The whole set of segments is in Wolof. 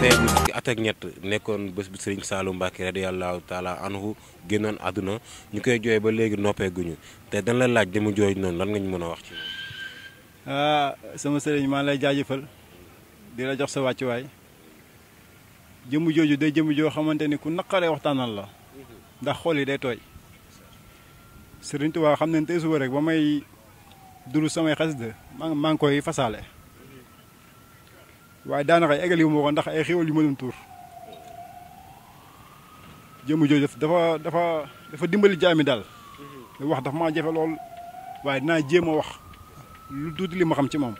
tey mu fukki at ak ñett nekkoon bés bu sëriñ Saalum Mbàkke radiyallaahu taala anhu génnoon àdduna ñu koy jooy ba léegi noppeeguñu te dañ la laaj di mu jooy noonu lan nga ñu mën a wax ci ah sama sëriñ maa lay jaajëfal di la jox sa wàccuwaay jëmm jooju day jëmm joo xamante ni ku naqaree waxtaanal la ndax xool yi day tooy sëriñ Tuubaa xam ne tey suba rek ba may duru samay xasida maa ngi koy fasaale waaye daanaka eggali wu ma ndax ay xéwal yu ma doon tuur jëmm jooju dafa dafa dafa dimbali jaami daal mhm. wax dafa maa jafe lool waaye dinaa jéem a wax lu tuuti li ma xam ci moom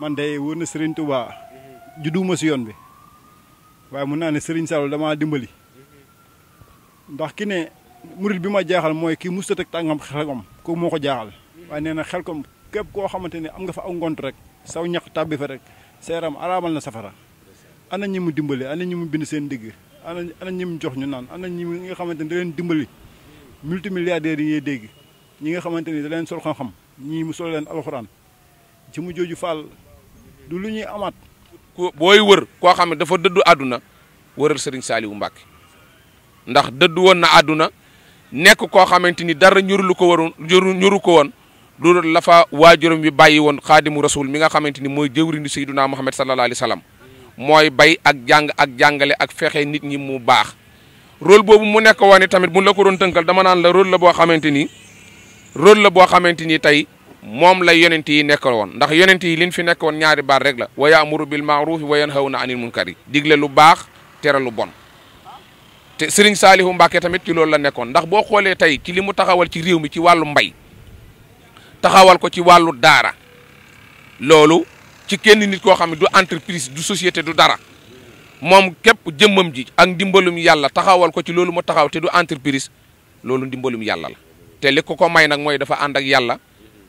man de wër na sëriñ Touba mhm. judduma si yoon bi waaye mun naa ne sëriñ Sall damaa dimbali mhm. ndax ki ne murit bi ma jaaxal mooy kii musta teg tàngam xelkom ko moo ko jaaxal waaye nee na xelkom képp koo xamante ne am nga fa aw ngont rek saw ñax tàbbi fa rek seeram araamal na safara ana ñi mu dimbali ana ñi mu bind seen digg ana ana ñi mu jox ñu naan ana ñi nga xamante ni da leen dimbali multimilliardaires yi ngay dégg ñi nga xamante ni da sol xam-xam mu sol leen alxuraan ci mu jooju faal du lu ñuy amaat. booy wër koo xam ne dafa dëddu àdduna wëral Serigne Saliou Mbacke ndax dëddu woon na àdduna nekk koo xamante ni dara ñuru lu ko waroon ñuru ñuru ko woon. loolu la fa waajuram bi bàyyi woon xaadimu rasul mi nga xamante ni mooy jëwriñu sayyiduna Muhammad sallallahu alayhi wa sallam mooy bay ak jàng ak jàngale ak fexe nit ñi mu baax rôle boobu mu nekk woon tamit mun la ko doon tënkal dama naan la rôle la boo xamante ni rôle la boo xamante ni tey moom la yonent yi nekk woon ndax yonent yi liñ fi nekk woon ñaari baat rek la wa yaamuru bil maarufi wa yanhawna anil munkari digle lu baax tere lu bon te Serigne Saalihu Mbàkke tamit ci loolu la nekkoon ndax xoolee tey ci li mu taxawal ci réew mi ci wàllu mbay taxawal ko ci wàllu daara loolu ci kenn nit koo xam ne du entreprise du société du dara moom képp jëmmam ji ak ndimbalum yàlla taxawal ko ci loolu moo taxaw te du entreprise loolu ndimbalum yàlla la te li ko ko may nag mooy dafa ànd ak yàlla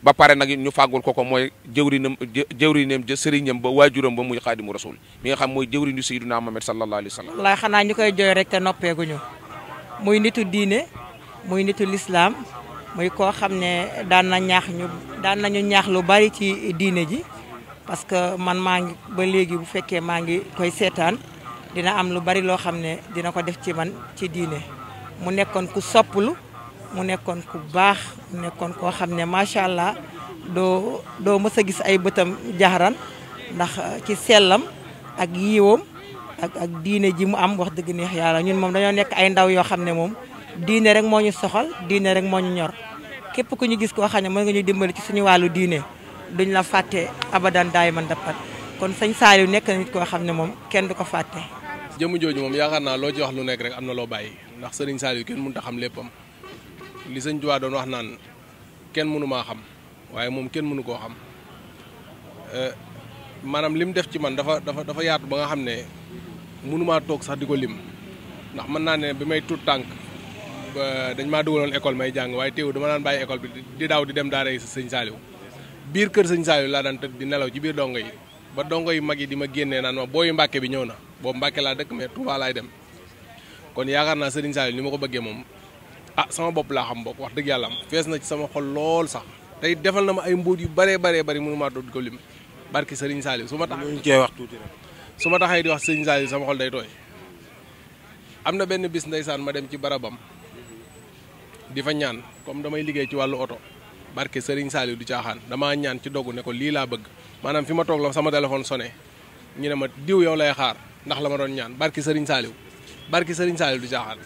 ba pare nag ñu fàggul ko ko mooy jëwrinam jëwrineem ja sëriñam ba waajuram ba muy xaadimu rasul mi nga xam mooy jëwrinu sayyiduna Muhammad sallallahu alayhi wa sallam wallaay xanaa ñu koy jooy rek te noppeeguñu muy nitu diine muy nitu lislaam mooy koo xam ne daan na ñaax ñu daan nañu ñaax lu bari ci diine ji parce que man maa ngi ba léegi bu fekkee maa ngi koy seetaan dina am lu bari loo xam ne dina ko def ci man ci diine mu nekkoon ku sopplu mu nekkoon ku baax mu nekkoon koo xam ne macha allah doo doo mës a gis ay bëtam jaxaran ndax ci sellam ak yiiwam ak ak diine ji mu am wax dëgg neex yàlla ñun moom dañoo nekk ay ndaw yoo xam ne moom diine rek moo ñu soxal diine rek moo ñu ñor képp ku ñu gis koo xam ne mën nga ñu dimbali ci suñu wàllu diine duñ la fàtte abadan daay man dappat kon sëñ Saliou nekk na nit koo xam ne moom kenn du ko fàtte. jëmm jooju moom loo ci wax lu nekk rek am na loo bàyyi ndax sëriñ Saliou kenn mënut a xam léppam li sëñ Tuubaa doon wax naan kenn mënu maa xam waaye moom kenn mënu koo xam eh, maanaam lim def ci man dafa dafa dafa yaatu ba nga xam ne mënumaa toog sax di ko lim ndax mën naa ne bi may tuut tànk. dañ maa dugaloon école may jàng waaye teewu dama daan bàyyi école bi di daaw di dem daa yi sëñ Saliou biir kër sëñ Saliou laa daan tëdd di nelaw ci biir dongo yi ba dongo yu mag yi di ma génnee naan ma booyu Mbàkke bi ñëw na boobu Mbàkke laa dëkk mais Touba laay dem kon yaakaar naa sëriñ Saliou ni ma ko bëggee moom ah sama bopp laa xam bokk wax dëgg yàlla am fees na ci sama xol lool sax tey defal na ma ay mbóot yu bëree bëree bëri mënu maa doon ko lim barki sëriñ Saliou su ma taxee wax tuuti rek su ma taxee di wax sëriñ Saliou sama xol day tooy na benn bis ndeysaan ma dem ci barabam di fa ñaan comme damay liggéey ci wàllu oto barke Serigne Saliou du caaxaan damaa ñaan ci dogu ne ko lii laa bëgg maanaam fi ma toog la sama téléphone sonné ñu ne ma diw yow lay xaar ndax la ma doon ñaan barke Serigne Saliou barke Serigne Saliou du caaxaan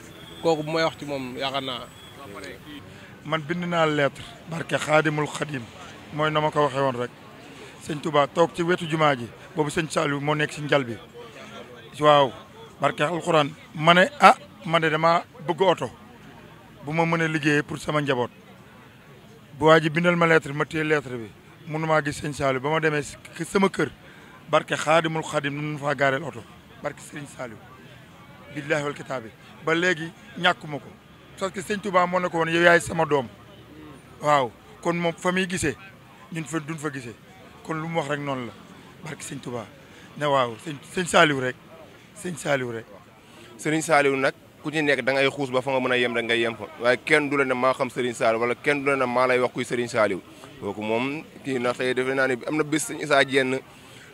kooku bu may wax ci moom yaakaar naa. man bind naa lettre barke xaadimul xadim mooy na ma ko waxee woon rek sëñ Touba toog ci wetu jumaa ji boobu sëñ Saliou moo nekk ci njal bi waaw barke alxuraan ma ne ah ma ne dama bëgg bu ma mën a liggéeyee pour sama njaboot bu waa ji bindal ma lettre ma téye lettre bi mënumaa gis sëñ Saliou ba ma demee sama kër barke xaadimul xaadim nun faa gaareel oto barke sëriñ Saliou billaahi wal kitaabi ba léegi ñàkkuma ko parce que sëñ Touba moo ne ko woon yow yaay sama doom waaw kon moom fa muy gise ñun fa duñ fa gisee kon lu mu wax rek noonu la barke sëñ Touba ne waaw sëñ sëñ rek sëñ Saliou rek sëriñ Saliou nag ku ñu nekk da ngay xuus ba fa mën a yem rek ngay yem fa waaye kenn du ne maa xam Serigne Saliou wala kenn du la ne maa lay wax kuy Serigne Saliou kooku moom kii na tey defe naa ne am na bés sëñ Issa Diène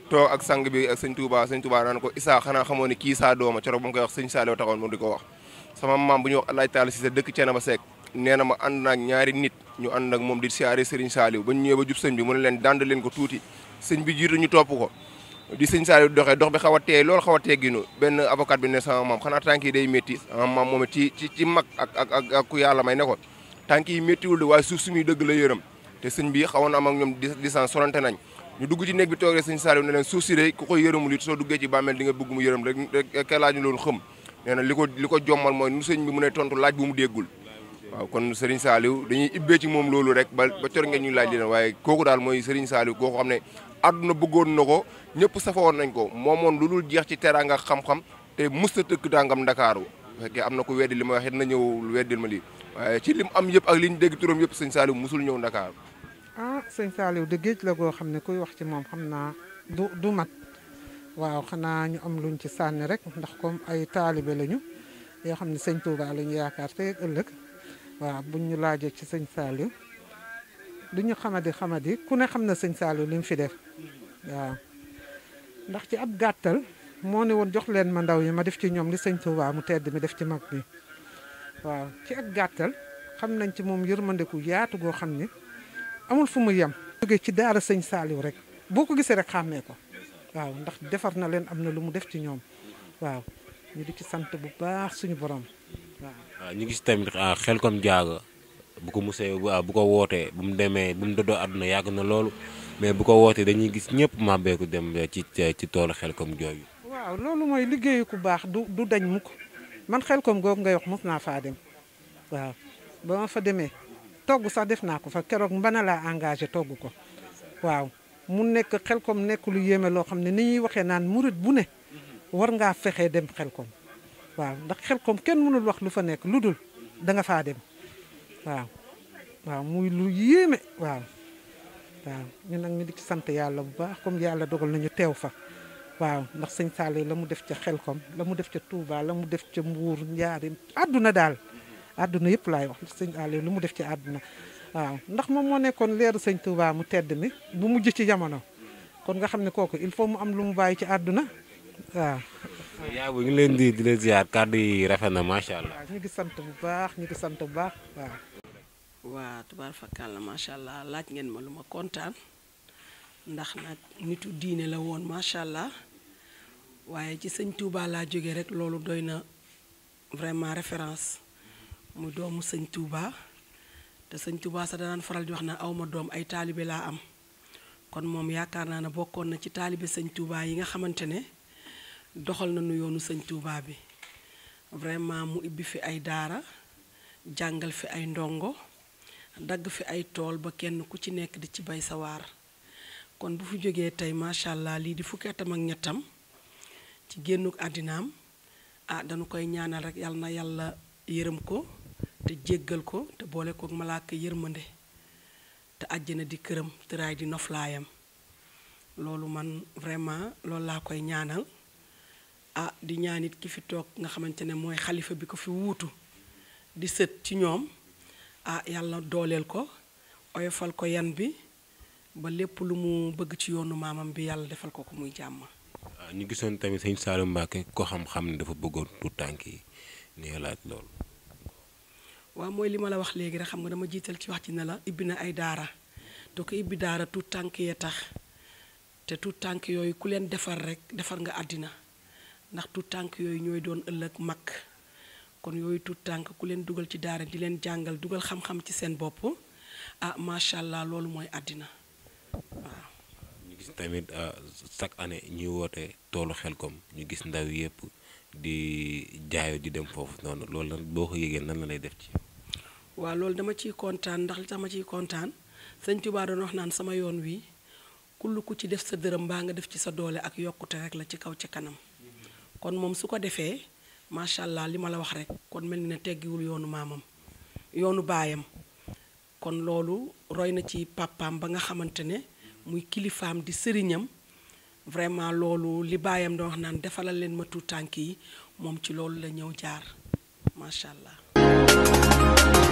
toog ak sang bi ak sëñ Touba sëñ ko Issa xanaa xamoo ne kii saa dooma coro ba mu koy wax sëñ Saliou taxoon mu di ko wax sama maam bu ñuy wax alaaj si sa dëkk cee na ba seek nee na ma ànd naak ñaari nit ñu ànd ak moom di siyaare Serigne Saliou ba ñu ñëwee ba jub sëñ bi mu ne leen dànd leen ko tuuti sëñ bi jiitu ñu topp ko di sëñ Saliou doxee dox bi xaw a teey xaw a tegginu benn avocat bi ne sama maam xanaa tànk day métti sama maam moom ci ci ci mag ak ak ak yàlla may ne ko tànk yi méttiwul de waaye suuf suñuy dëgg la yërëm te sëñ bi xawoon na ak ñoom distance sorante nañ ñu dugg ci néeg bi toogee sëñ Saliou ne leen suuf si day ku koy yërëmul soo duggee ci bàmmeel di nga bëgg mu yërëm rek rek laaj ñu loolu xëm nee na li ko li ko jommal mooy nu sëñ bi mu ne tontu laaj bu mu déggul waaw kon Serigne Saliou dañuy ibbee ci moom loolu rek ba ba cor ngeen ñu laaj li leen waaye kooku daal mooy Serigne Saliou koo xam ne àdduna bëggoon na ko ñëpp safawoon nañ ko moomoon lu dul jeex ci teraanga xam-xam te mës a tëkk dàngam Ndakaaru bu am na ko weddi li ma wax it na ñëw weddil ma lii waaye ci lim am yëpp ak li ñu dégg turam yëpp sëñ Saliou musul ñëw Ndakaaru ah sëñ Saliou de géej la goo xam ne koy wax ci moom xam naa du du mat waaw xanaa ñu am luñ ci sànni rek ndax comme ay taalibe lañu yoo xam ne sëñ Touba lañu yaakaar te ëllëg waaw buñ ñu laajee ci sëñ Saliou lu ñu xamadi xamadi ku ne xam na sëñ Saliou li mu fi def waaw ndax ci ab gàttal moo ne woon jox leen ma ndaw yi ma def ci ñoom li sëñ Touba mu tedd mi def ci mag bi waaw ci ak gàttal xam nañ ci moom yërmandeku yaatu goo xam ne amul fu mu yem. jóge ci daara sëñ Saliou rek boo ko gisee rek xàmmee ko waaw ndax defar na leen am na lu mu def ci ñoom waaw ñu di ci sant bu baax suñu borom waaw. waaw ñu gis tamit ah, xel kom jaaga bu ko musee waaw bu ko wootee bu mu demee bu mu doddoo àdduna yàgg na loolu mais bu ko wootee dañuy gis ñëpp màbbeeku dem ci ci toolu Xelkom jooju. waaw loolu mooy liggéeyu ku baax du dañ mukk man xel koom googu nga yox mos naa faa dem waaw ba fa demee togg sax def naa ko fa keroog mbana laa engagé togg ko waaw mu nekk Xelkom nekk lu yéeme loo xam ne ni ñuy waxee naan murit bu ne war ngaa fexee dem Xelkom waaw ndax Xelkom kenn mënul wax lu fa nekk lu dul da nga faa waaw waaw muy lu yéeme waaw waaw ñun nag ñu di ci sant yàlla bu baax comme yàlla dogal nañu teew fa waaw ndax sëñ Saliou la mu def ca xel Xelkom la mu def ca Touba la mu def ca Mbuur Njaarim àdduna daal àdduna yëpp laay wax sëñ Aliou lu mu def ci àdduna waaw ndax moom moo nekkoon leeru sëñ Touba mu tedd mi bu mujj ci jamono kon nga xam ne kooku il faut mu am lu mu bàyyi ci àdduna waaw yaay bu ñu leen di di kàddu yi rafet na macha allah. waaw ñu sant bu baax ñu sant bu baax waaw. waa macha allah laaj ngeen ma lu ma kontaan ndax nag nitu diine la woon macha allah waaye ci sëñ Touba laa jóge rek loolu doy na vraiment référence mu doomu sëñ Touba te sëñ Touba sax danaan faral di wax na awma doom ay taalibe laa am kon moom yaakaar naa ne bokkoon na ci taalibe sëñ Touba yi nga xamante ne. doxal nañu yoonu sëñ Touba bi vraiment mu ibbi fi ay daara jàngal fi ay ndongo dagg fi ay tool ba kenn ku ci nekk di ci bay sa kon bu fi jógee tey macha allah lii di fukki atam ak ñettam ci génnuk àddinaam ah danu koy ñaanal rek yàlla na yàlla yërëm ko te jéggal ko te boole ko malaaka yërmande te àjjana di këram tëraay di noflaayam loolu man vraiment loolu laa koy ñaanal ah di ñaanit ki fi toog nga xamante ne mooy xalifa bi ko fi wuutu di sët ci ñoom ah yàlla dooleel ko oyofal ko yan bi ba lépp lu mu bëgg ci yoonu maamam bi yàlla defal ko ko muy jàmm. waaw ah, gisoon tamit sëñ Saliou Mbacké ko xam-xam ne dafa bëggoon tuut tànk yi ñu laaj waaw mooy li ma la wax léegi rek xam nga dama jiital ci wax ci ne la ibbi na ay daara te ko ibbi daara tuut tànk yee tax te tuut tànk yooyu ku leen defar rek defar nga àddina. ndax tut tànk yooyu ñooy doon ëllëg mag kon yooyu tout tànk ku leen dugal ci daara di leen jàngal dugal xam-xam ci seen bopp ah macha allah loolu mooy àddina waaw. ñu gis ah, année ñuy woote toolu Xelcom ñu gis ndaw yëpp di jaayo di dem foofu noonu loolu lan boo ko yëgee lay def ci. waaw loolu dama ciy kontaan ndax li ma ciy kontaan sëñ Tuubaa doon wax naan sama yoon wi kull ku ci def sa dërëm mbaa nga def ci sa doole ak yokkute rek la ci kaw ci kanam. kon moom su ko defee macha allah li ma la wax rek kon mel ni ne teggiwul yoonu maamam yoonu baayam kon loolu roy na ci pàppaam ba nga xamante ne muy kilifaam di sëriñam vraiment loolu li baayam da wax naan defalal leen matu tànk yi moom ci loolu la ñëw jaar macha allah.